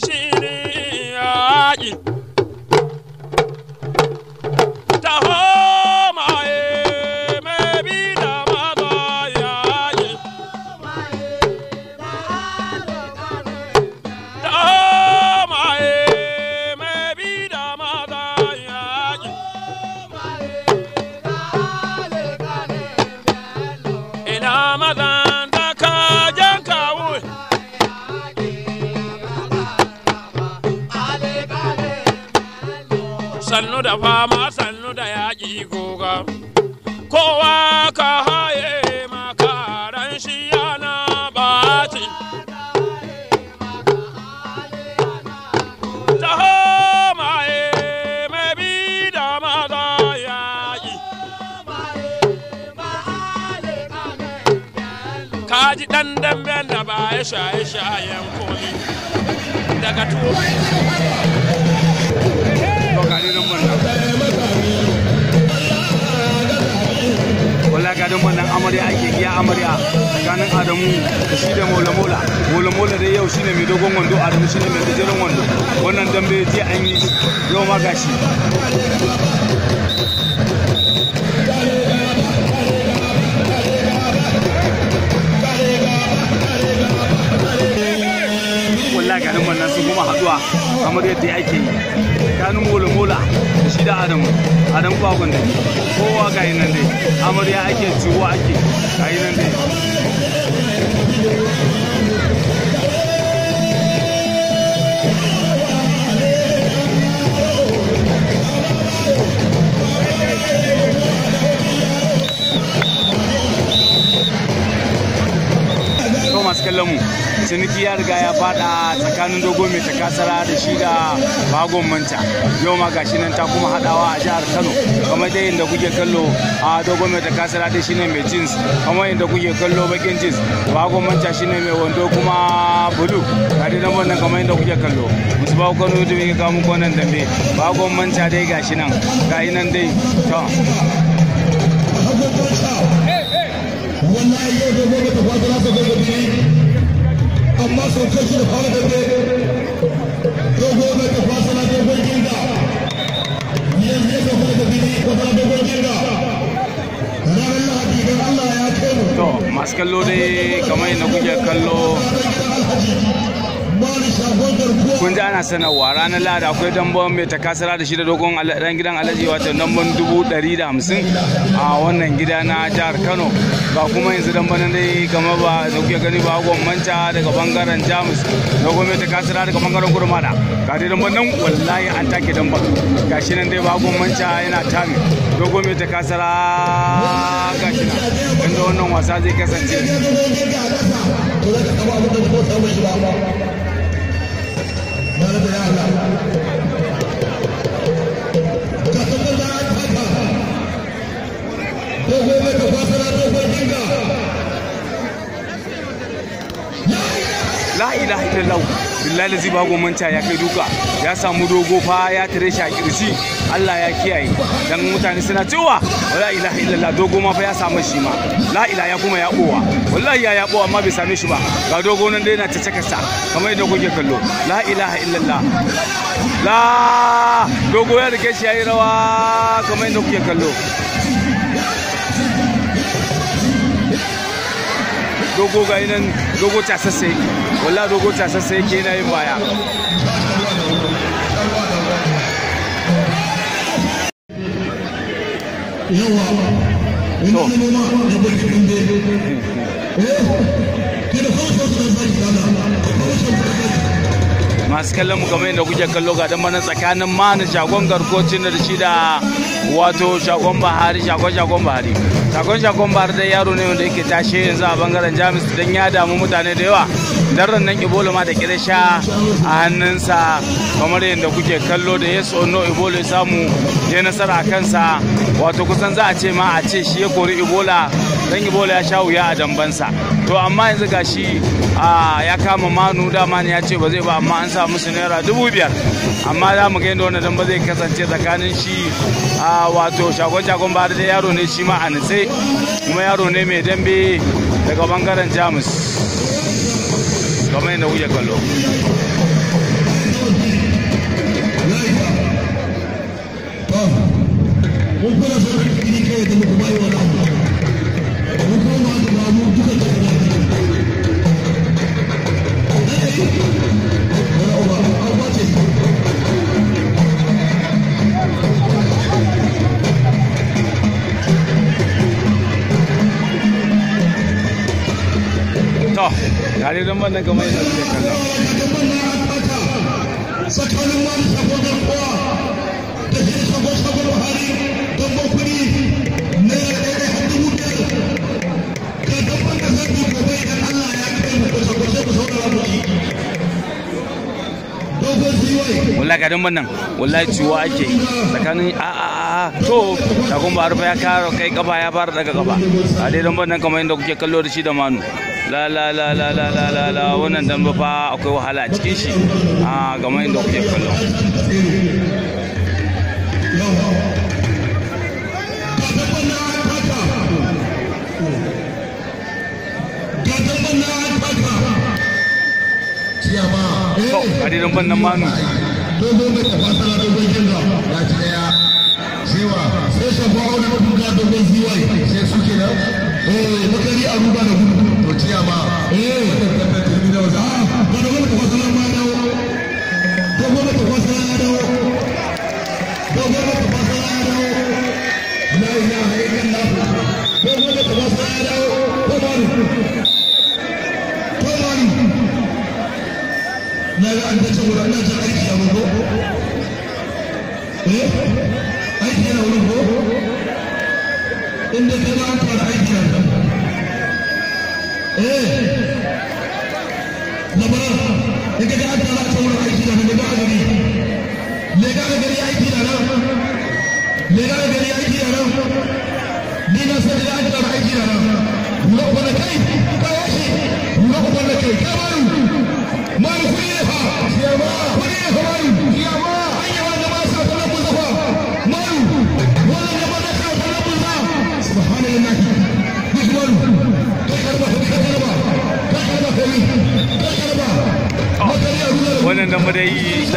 shiri yaji da fama sannu da yaƙi goga kowa ka haye makaran shi yana baci Kaji dan-dan dambe da baya shaye-shayen komi daga tuwo. gadon wannan amarya ake iya amarya tsakanin adamu da shi da mola mola mola mola dai yau shine mai dogon wando adamu shine mai gajeren wando wannan dambe jiya an yi yau ma gashi wallahi garin wannan sun kuma haduwa kamar yadda ake yi ganin mola mola da adamu adam bakon da kowa ga yi nan dai amarya ake ciwo ake ga yi nan dai Thomas Kalamu. ciniki ya riga ya fada tsakanin dogo mai kasara da shi da bagon manta yau ma gashi nan ta kuma hadawa a jihar kano kamar dai inda kuke kallo a dogo mai kasara da shi ne mai jeans kamar inda kuke kallo bakin jeans bagon manta shi ne mai wando kuma bulu ga dai nan wannan kamar inda kuke kallo musu ba kano da muke kawo muku wannan dambe bagon manta dai gashi nan gashi nan dai to Hey, hey. amma sauke shi ranar lahadi kamar kallo ranar lada akwai dambon mai takasara da shi da dogon ran gidan alhaji wato dambon dubu ɗari da hamsin a wannan gida na jihar kano ba kuma yanzu dan bana dai kamar ba da kuke gani ba manta daga bangaren jamus na gwamnati kasira daga bangaren gurmada ga dai dan nan wallahi an take dan ban gashi nan dai ba manta yana tami na gwamnati kasira gashi nan inda wannan wasa zai kasance Thank la ilaha illallah billahi lazi ba manta ya kai duka ya samu dogo fa ya tare shi a kirji Allah ya kiyaye dan mutane suna cewa la ilaha illallah dogo ma fa ya samu shi ma la ilaha ya kuma ya bowa wallahi ya ya bowa amma bai same shi ba ga dogo nan dai na ta sa kamar yadda kuke kallo la ilaha illallah la dogo ya rike shi yayi rawa kamar yadda kuke kallo dogo ga nan dogo casassa yake dogo casassa yake yana yin baya masu kallon mu kamar yadda kuke kallo ga dama tsakanin mana shagon garkocin da shi da wato shagon bahari shagon shagon bahari shagon shagon bahari da yaro ne wanda yake tashe yanzu a bangaren jamus don ya damu mutane da yawa dan nan ibola ma da sha a hannunsa kamar yadda kuke kallo da yes or no ibola ya samu ya nasara a kansa wato kusan za a ce ma a ce shi ya kori ibola dan ibola ya sha wuya a dambansa to amma yanzu ga shi ya kama manu dama ne ya ce ba zai ba amma an sa musu naira dubu biyar amma za mu ga yadda wannan ba zai kasance tsakanin shi wato shagon shagon ba da yaro ne shi ma a nitse kuma yaro ne mai dambe daga bangaren jamus kamar yadda kuke kallo wannan kamar yana suke kalla tsakanin da kowa da shi buhari na ya dubu biyar ka dabban da zai duka bai idan allah ya kai mu kusa kusa ku ake tsakanin a a a ba rufa ya kai kafa ya fara daga kafa dai dan nan kamar yadda kuke kallo da shi da manu la la la la la la la la wannan dambe fa akwai wahala a cikin shi a ah, game da kuke kallo manu ya ci nan eh chairman.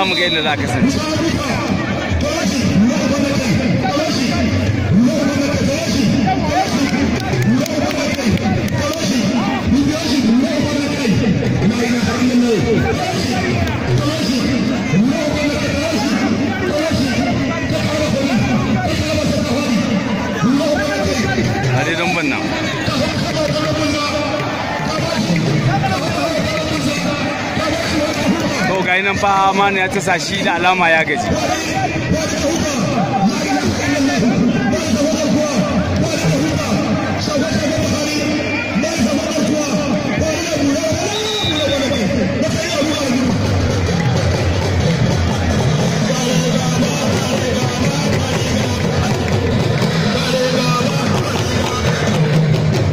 zamu ga yadda za kasance Hadi don banna. nan fa amana ya tasa shi da alama ya gaji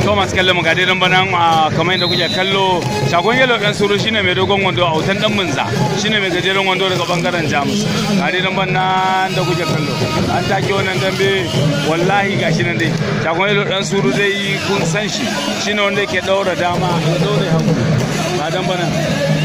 to masu kallon mu gade dan bana kamar yadda kuke kallo shagon yalo dan suru shine mai dogon wando a autan dan munza shine mai gajeren wando daga bangaren jamus gade dan bana da kuke kallo an take wannan dambe wallahi gashi nan dai shagon yalo dan suru dai kun san shi shine wanda yake daura dama ya daure hagu ba dan bana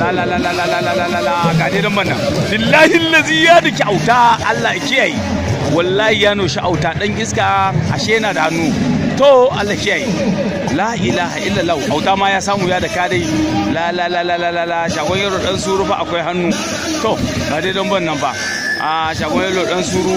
la la la ga dai dan bannan billahi ya dake auta Allah kiyaye wallahi ya noshi auta dan iska ashe na da hannu to Allah kiyaye la ilaha illallah auta ma ya samu ya da ka dai la la la la la la shagon yaro dan suru fa akwai hannu to ba dai dan bannan ba a shagon yaro dan suru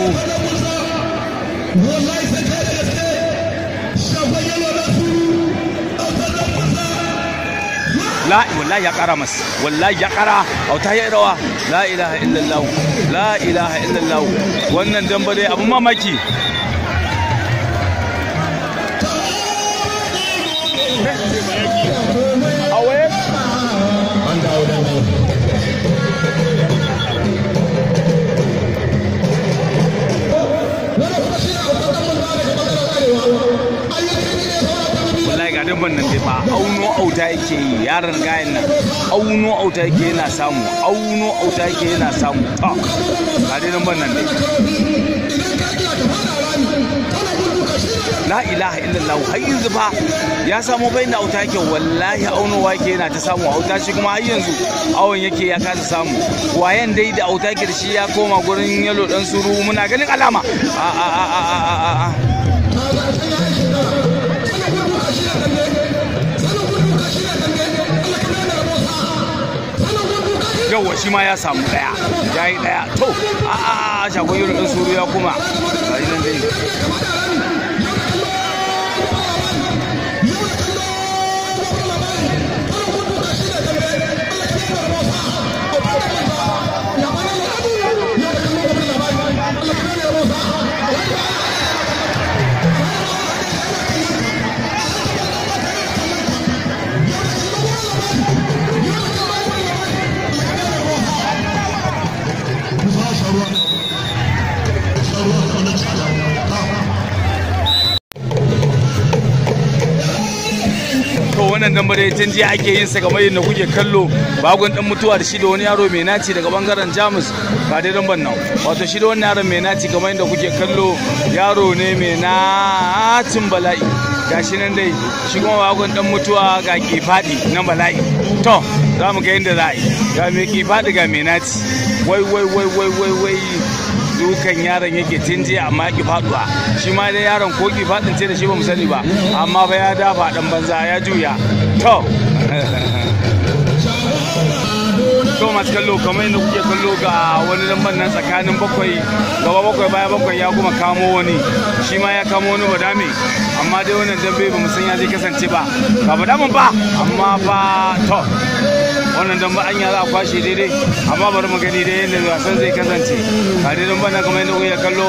la wallahi ya kara masa wallahi ya kara auta ya rawa la ilaha illallah la ilaha illallah wannan damba dai abu mamaki Thank you. ba auno auta yake yi yaron gayan nan auno auta yake yana samu auno auta yake yana samu to ga dai nan nan dai la ilaha illallah har yanzu fa ya samu bai na auta yake wallahi auno wake yana ta samu auta shi kuma har yanzu awon yake ya kasa samu wayan dai da auta yake da shi ya koma gurin yalo dan suru muna ganin alama a a a a a yawwa shi ma ya samu daya ya yi daya to a a shagon yuri ɗin suru ya kuma dai tun jiya ake yin sa kamar yadda kuke kallo bagon dan mutuwa da shi da wani yaro mai naci daga bangaren jamus ba dai dan bannan wato shi da wani yaron mai naci kamar yadda kuke kallo yaro ne mai nacin bala'i gashi nan dai shi kuma bagon dan mutuwa ga ke faɗi na bala'i to za mu ga yadda za a yi ga mai ke faɗi ga mai naci wai wai wai wai wai wai dukan yaron yake tinje amma ki faduwa shi ma dai yaron ko ki fadin ce da shi ba mu sani ba amma ba ya dafa dan banza ya juya to masu kallo kamar yadda kuke kallo ga wani lambar nan tsakanin bakwai gaba bakwai baya bakwai ya kuma kamo wani shi ma ya kamo wani badame amma dai wannan dambe ba mu san ya zai kasance ba ba badamin ba amma ba to wannan don ba anya za a kwashe daidai amma bari mu gani dai yadda wasan zai kasance ga dai don bana kamar yadda kuke kallo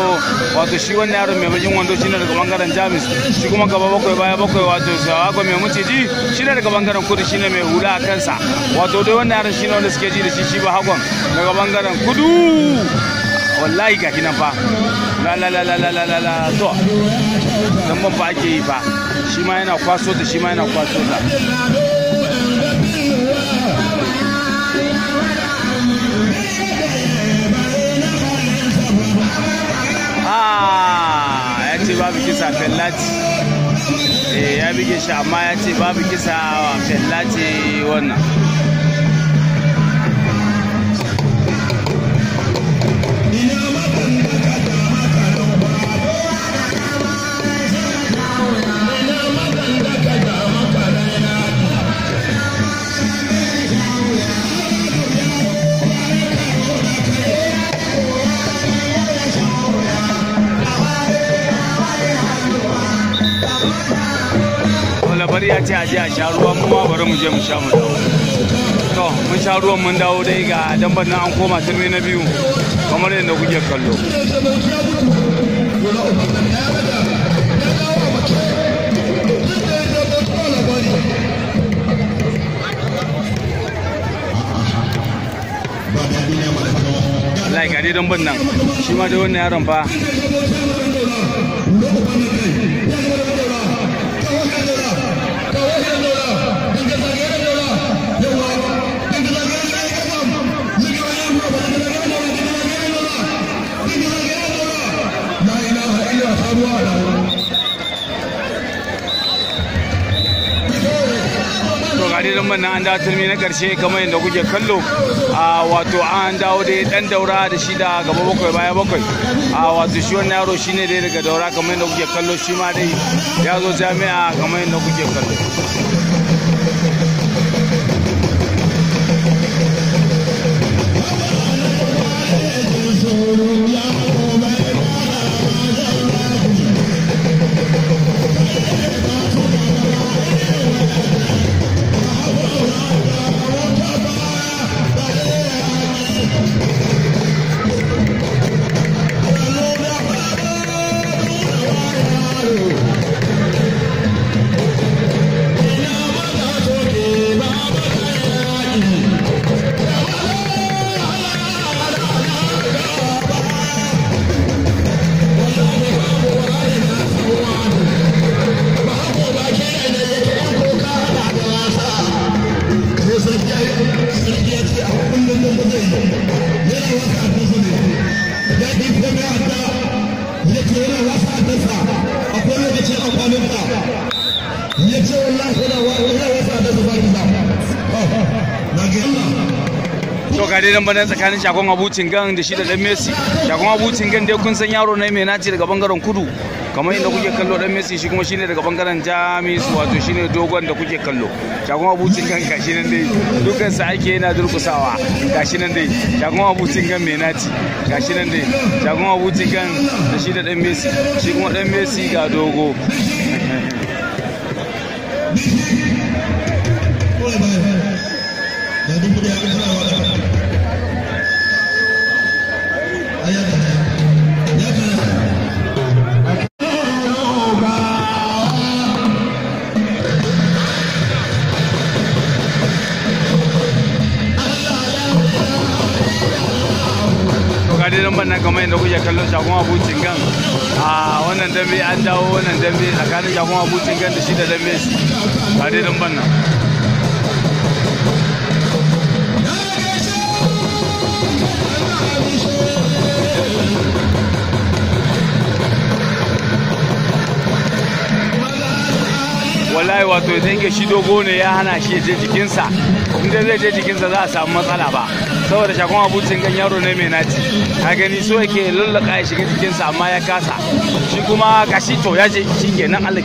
wato shi wannan yaron mai bakin wando shi ne daga bangaren jamus shi kuma gaba bakwai baya bakwai wato sawako mai muciji shi ne daga bangaren kudu shi ne mai hula a kansa wato dai wannan yaron shi ne wanda suke ji da shi shi ba hagon daga bangaren kudu wallahi ga kinan fa la la la la la la la to dan ba ba ake yi fa shi ma yana kwaso da shi ma yana kwaso da. Ah, ya ce babu kisa fellati eh, ya bige shi amma ya ce babu kisa fellati wannan ya ce a je a sha ruwa mu ma bari mu je mu sha mu to mun sha ruwan mun dawo dai ga dambar nan an koma turmi na biyu kamar yadda kuke kallo like a dai damban nan shi ma dai wannan yaron fa an dawo turmi na karshe kamar yadda kuke kallo a wato an dawo dai dan daura da shi da gaba bakwai baya bakwai a wato shi wannan yaro shi ne dai daga daura kamar yadda kuke kallo shi ma dai ya zo jami'a kamar yadda kuke kallo Thank you. to ga nan banan tsakanin shagon abucin gan da shi da dan messi shagon abucin gan dai kun san yaro ne mai naci daga bangaren kudu kamar inda kuke kallo dan messi shi kuma shine daga bangaren jamis wato shine dogon da kuke kallo shagon abucin gan gashi nan dai dukan sa ake yana durkusawa gashi nan dai shagon abucin gan mai naci gashi nan dai shagon abucin gan da shi da dan messi shi kuma dan messi ga dogo ndi, ii, ii, ii. ndi, ii, shi dogo ne ya hana shi je jikinsa dai zai je jikinsa za a samu matsala ba saboda shakon abucin gan yaro ne mai naci ka gani so yake lullaka ya shiga jikinsa amma ya kasa shi kuma gashi to ya je shi kenan allah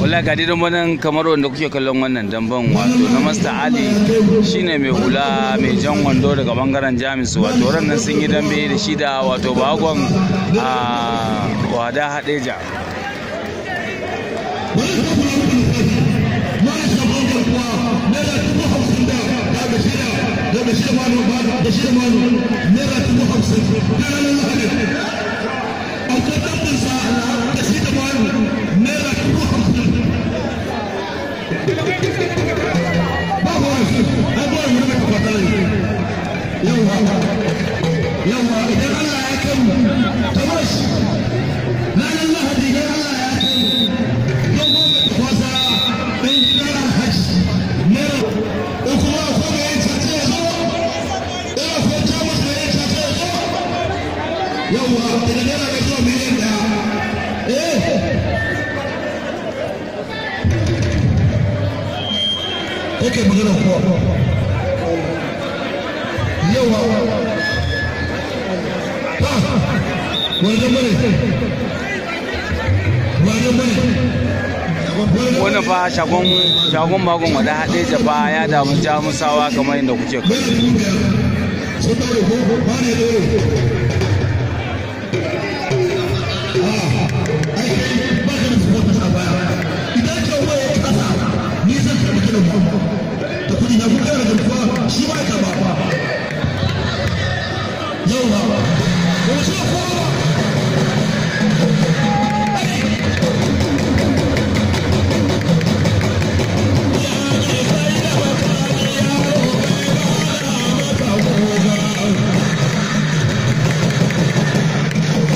wala ga dai wani kamar wanda kuke kallon wannan damban wato na masta Ali shine mai hula mai jan wando daga bangaren Jamus wato ran nan sun yi dambe da shi da wato bagon a wada Hadeja da wani fa shagon shagon magon wada haɗe ba ya damu jamusawa kamar inda kuke kai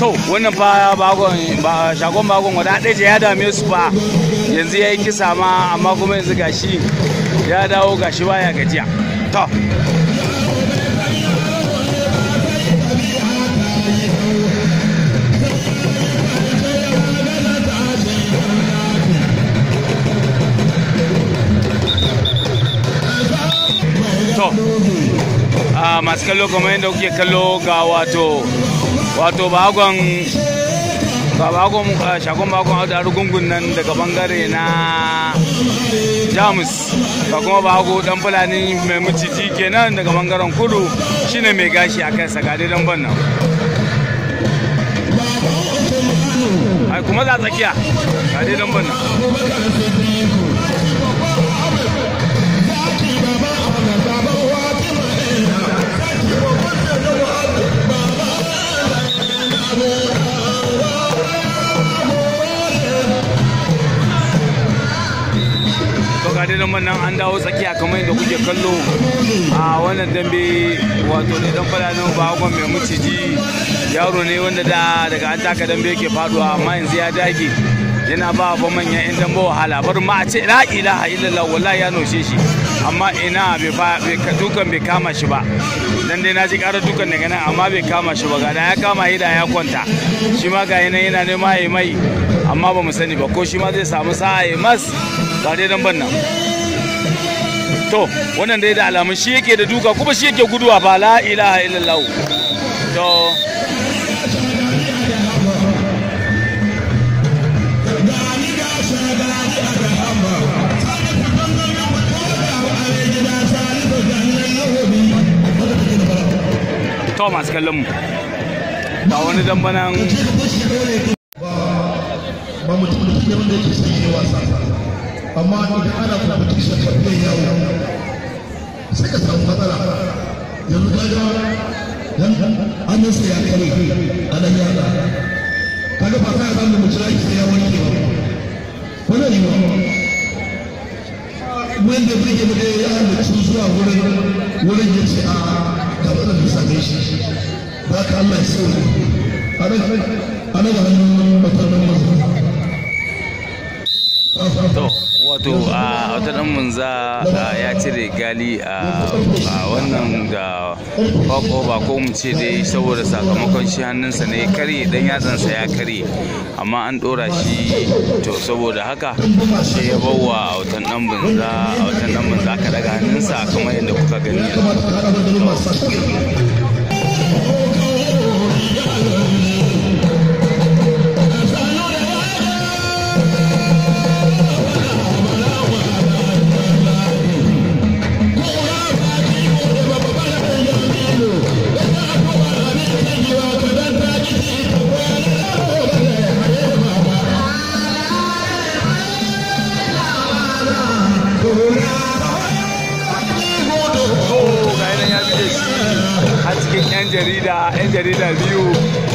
to wannan fa ba shagon bagon wada ɗaya ya dame su fa yanzu ya yi kisa ma amma kuma yanzu gashi ya dawo gashi baya gajiya to ah, masu kallo kamar yadda kuke kallo ga wato wato bagon bagon shagon bagon hada rugungun nan daga bangare na jamus ba kuma bago dan fulani mai miciji kenan daga bangaren kudu shine mai gashi a kai ga dai dan bannan ai kuma za tsakiya ga dan dan bannan dai da nan an dawo tsakiya kamar yadda kuke kallo a wannan dambe wato ne dan fada nan ba hukumar mai maciji yaro ne wanda da daga an taka dambe yake faduwa amma yanzu ya dage yana ba wa manya yan dambe wahala bar ma a ce la ilaha illallah wallahi ya noshe shi amma ina bai dukan bai kama shi ba dan dai na ji ƙara dukan daga nan amma bai kama shi ba ga da ya kama hida ya kwanta shi ma ga yana yana nema ya mai amma ba mu sani ba ko shi ma zai samu sa'a ya mas ba dai nan ban nan to wannan dai da alamun shi yake da duka kuma shi yake guduwa ba la ilaha illallah to Thomas kallon mu ga wani dambanan ba mutum da kuma wanda yake sai amma idan ana competition ta fiye yawo sai ka samu matsala yanzu ka ga dan an sai ya kare ya ga kaga ba sai zan mu sai ya wanke ba yiwa bai yi da ya halicci zuwa wurin wurin ya ce a ah, ga wannan da same shi ba ka Allah ya a nan a nan hannun mutanen wato a wata dan munza ya cire gali a wannan da fako ba ko mu ce dai saboda sakamakon shi hannunsa ne karye dan yatsansa ya karye amma an dora shi to saboda haka shi ya bawa a wata dan munza a wata dan munza aka daga hannunsa kamar yadda kuka gani yanzu jarida 'yan jarida biyu